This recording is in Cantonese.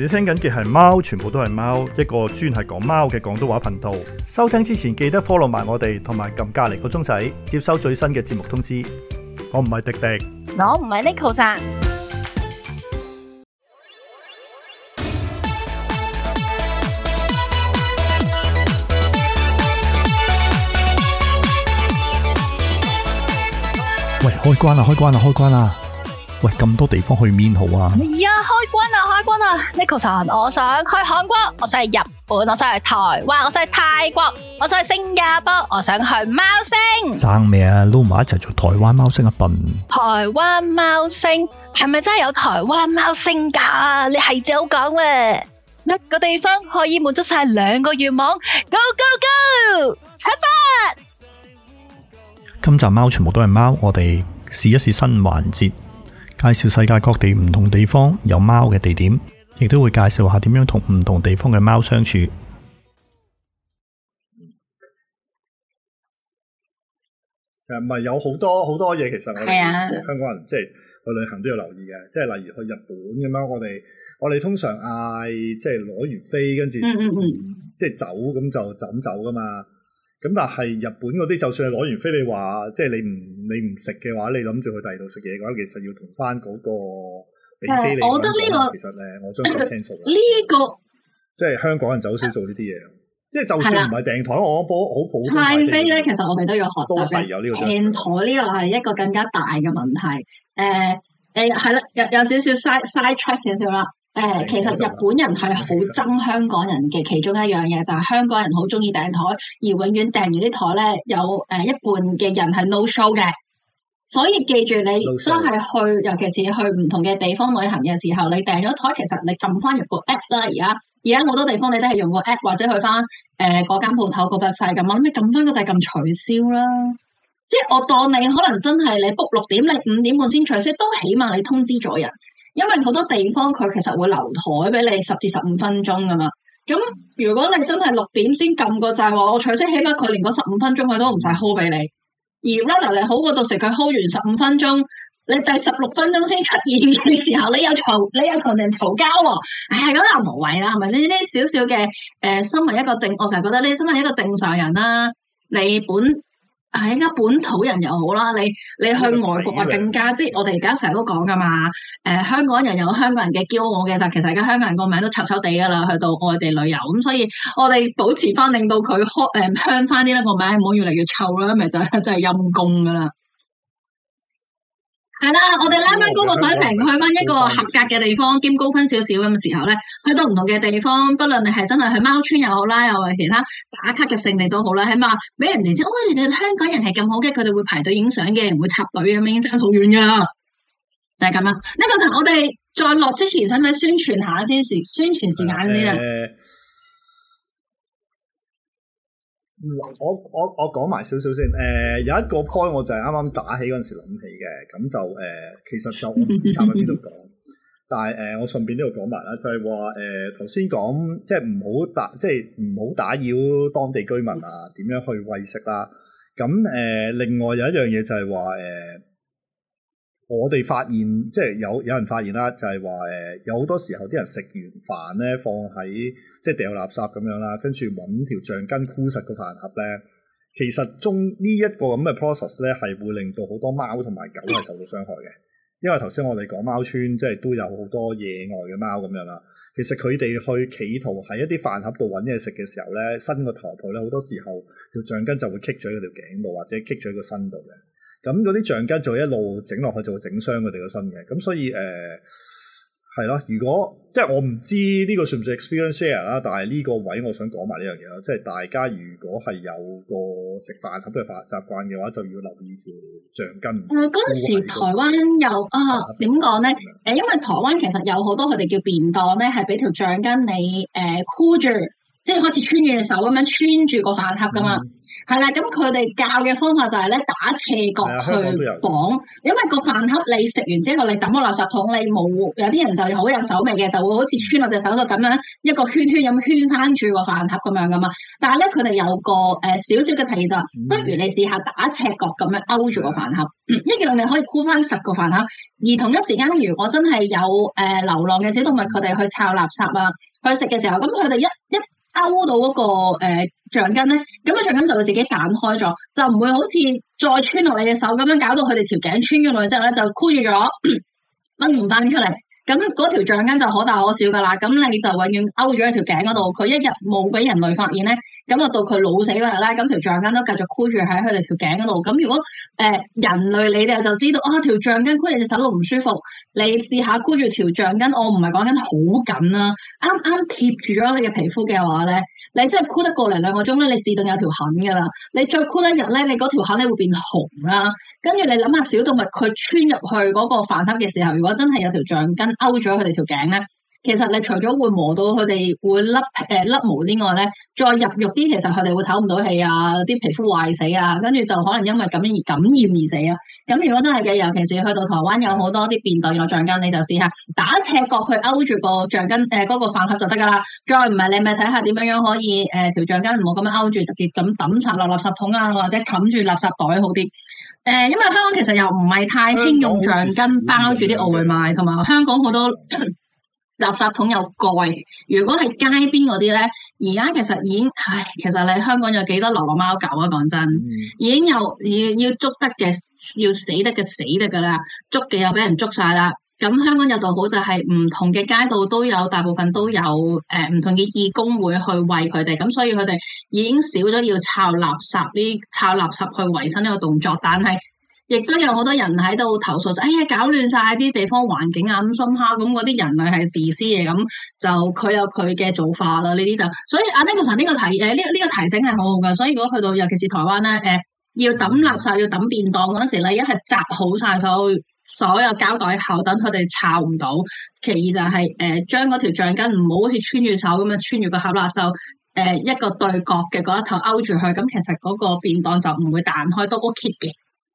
你聽緊嘅係貓，全部都係貓，一個專係講貓嘅廣東話頻道。收聽之前記得 follow 埋我哋，同埋撳隔籬個鐘仔，接收最新嘅節目通知。我唔係迪迪，我唔係 Neko。喂，開關喇，開關喇，開關喇！喂，咁多地方去邊好啊？哎呀，開關啊，開關啊，Neko，我想去韓國，我想去日本，我想去台灣，我想去泰國，我想去新加坡，我想去貓星，爭咩啊？撈埋一齊做台灣貓星啊！笨。台灣貓星係咪真係有台灣貓星噶？你係點講喂？一麼個地方可以滿足晒兩個願望 go，Go Go Go，出發！今集貓全部都係貓，我哋試一試新環節。介紹世界各地唔同地方有貓嘅地點，亦都會介紹下點樣同唔同地方嘅貓相處。誒，唔係有好多好多嘢，其實我哋香港人的即係去旅行都要留意嘅，即係例如去日本咁樣，我哋我哋通常嗌即係攞完飛跟住即係走，咁 就就咁走㗎嘛。咁但係日本嗰啲，就算係攞完飛你話，即係你唔你唔食嘅話，你諗住去第二度食嘢嘅話，其實要同翻嗰個俾飛你。我覺得呢個其實咧，我將來聽熟。呢這個即係香港人就好少做呢啲嘢，即係就算唔係訂台，啊、我我好普通、那個。泰飛咧，其實我哋都要學習多、就是、有呢個。訂台呢個係一個更加大嘅問題。誒誒係啦，有有，有少 side, side 有少嘥嘥 check 少少啦。誒，其實日本人係好憎香港人嘅其中一樣嘢，就係、是、香港人好中意訂台，而永遠訂完啲台咧，有誒一半嘅人係 no show 嘅。所以記住你真係 No show. 去，尤其是去唔同嘅地方旅行嘅時候，你訂咗台，其實你撳翻入個 app 啦。而家而家好多地方你都係用個 app，或者去翻誒嗰間鋪頭個晒咁、那個，我諗你撳翻個掣撳取消啦。即係、就是、我當你可能真係你 book 六點，你五點半先取消，都起碼你通知咗人。因為好多地方佢其實會留枱俾你十至十五分鐘㗎嘛，咁如果你真係六點先撳個掣，我假設起碼佢連嗰十五分鐘佢都唔使 hold 俾你，而 r o l、er、好過到時佢 hold 完十五分鐘，你第十六分鐘先出現嘅時候，你又嘈你又同人嘈交，唉，咁又無謂啦，係咪呢啲少少嘅？誒、呃，身為一個正，我成日覺得你身為一個正常人啦、啊，你本。係，依家、啊、本土人又好啦，你你去外國啊，更加 即係我哋而家成日都講噶嘛，誒、呃，香港人有香港人嘅驕傲嘅，時候，其實而家香港人個名都臭臭地噶啦，去到外地旅遊，咁、嗯、所以我哋保持翻，令到佢開誒香翻啲啦個名，唔好越嚟越臭啦，咪就真係陰功噶啦。係啦、 嗯，我哋拉返高個水平去翻一個合格嘅地方， 兼高分少少咁嘅時候咧，去到唔同嘅地方，不論你係真係去貓村又好啦，又或者其他打卡嘅聖地都好啦，起碼俾人哋知，哦、哎，你香港人係咁好嘅，佢哋會排隊影相嘅，唔會插隊咁已經爭好遠噶啦，就係咁啦。呢、那個就我哋再落之前，使唔使宣傳下先？宣傳先宣傳時間先啊。呃我我我講埋少少先，誒、呃、有一個 point 我就係啱啱打起嗰陣時諗起嘅，咁就誒、呃、其實就唔知插喺邊度講， 但係誒、呃、我順便呢度講埋啦，就係話誒頭先講即係唔好打即係唔好打擾當地居民啊，點樣去餵食啦、啊，咁誒、呃、另外有一樣嘢就係話誒。呃我哋發現，即係有有人發現啦，就係話誒，有好多時候啲人食完飯咧，放喺即係掉垃圾咁樣啦，跟住揾條橡筋箍實個飯盒咧。其實中呢一個咁嘅 process 咧，係會令到好多貓同埋狗係受到傷害嘅。因為頭先我哋講貓村，即係都有好多野外嘅貓咁樣啦。其實佢哋去企圖喺一啲飯盒度揾嘢食嘅時候咧，伸個頭部咧，好多時候條橡筋就會棘咗佢條頸度，或者棘咗佢個身度嘅。咁嗰啲橡筋就一路整落去，就會整傷佢哋個身嘅。咁所以誒，係、呃、咯。如果即係我唔知呢個算唔算 experience share 啦，但係呢個位我想講埋呢樣嘢啦。即係大家如果係有個食飯盒嘅習習慣嘅話，就要留意條橡筋。嗯、呃，嗰時台灣又，啊、哦，點講咧？誒，因為台灣其實有好多佢哋叫便當咧，係俾條橡筋你誒箍住，即係好似穿住隻手咁樣穿住個飯盒噶嘛。嗯。係啦，咁佢哋教嘅方法就係咧，打斜角去綁，因為個飯盒你食完之後，你抌個垃圾桶，你冇，有啲人就好有手尾嘅，就會好似穿落隻手度咁樣一個圈圈咁圈翻住個飯盒咁樣噶嘛。但係咧，佢哋有個誒少少嘅提示，不如你試下打斜角咁樣勾住個飯盒，的一樣你可以箍翻十個飯盒。而同一時間，如果真係有誒流浪嘅小動物，佢哋去抄垃圾啊，去食嘅時候，咁佢哋一一。一一勾到嗰、個誒橡筋咧，咁個橡筋就會自己彈開咗，就唔會好似再穿落你隻手咁樣，搞到佢哋條頸穿咗落去之後咧，就箍住咗，掹唔翻出嚟。咁、嗯、嗰條橡筋就可大可小噶啦。咁、嗯、你就永遠勾咗喺條頸嗰度，佢一日冇俾人類發現咧。咁就到佢老死嗰日啦，咁條橡筋都繼續箍住喺佢哋條頸嗰度。咁如果誒、呃、人類，你哋就知道啊，條橡筋箍住隻手度唔舒服，你試下箍住條橡筋。我唔係講緊好緊啦，啱啱貼住咗你嘅皮膚嘅話咧，你真係箍得過嚟兩個鐘咧，你自動有條痕噶啦。你再箍一日咧，你嗰條痕咧會變紅啦、啊。跟住你諗下小動物佢穿入去嗰個飯盒嘅時候，如果真係有條橡筋勾咗佢哋條頸咧。其實你除咗會磨到佢哋會甩誒甩毛之外咧，再入肉啲，其實佢哋會唞唔到氣啊，啲皮膚壞死啊，跟住就可能因為咁樣而感染而死啊。咁如果真係嘅，尤其是去到台灣有好多啲便袋有橡筋，你就試下打斜角去勾住個橡筋誒，嗰、呃那個飯盒就得噶啦。再唔係你咪睇下點樣樣可以誒條橡筋唔好咁樣勾住，直接咁抌插落垃圾桶啊，或者冚住垃，垃圾袋好啲。誒、呃，因為香港其實又唔係太興用橡筋包住啲外賣，同埋香港好多。 垃圾桶有蓋，如果係街邊嗰啲咧，而家其實已經，唉，其實你香港有幾多流浪貓狗啊？講真，已經有要要捉得嘅，要死得嘅死得㗎啦，捉嘅又俾人捉晒啦。咁香港有道好就係唔同嘅街道都有，大部分都有誒呃、唔同嘅義工會去餵佢哋，咁所以佢哋已經少咗要抄垃圾呢，抄垃圾去維生呢個動作，但係。亦都有好多人喺度投訴，就，哎呀搞亂晒啲地方環境啊，咁深刻咁嗰啲人類係自私嘅，咁就佢有佢嘅做法啦。呢啲就所以阿 Neko 神呢個提誒呢呢個提醒係好好噶。所以如果去到尤其是台灣咧，誒要抌垃圾要抌便當嗰陣時咧，一係紮好晒所所有膠袋口等佢哋摷唔到；其二就係誒將嗰條橡筋唔好好似穿住手咁樣穿住個盒啦，就誒一個對角嘅嗰一頭勾住佢，咁其實嗰個便當就唔會彈開，都 OK 嘅。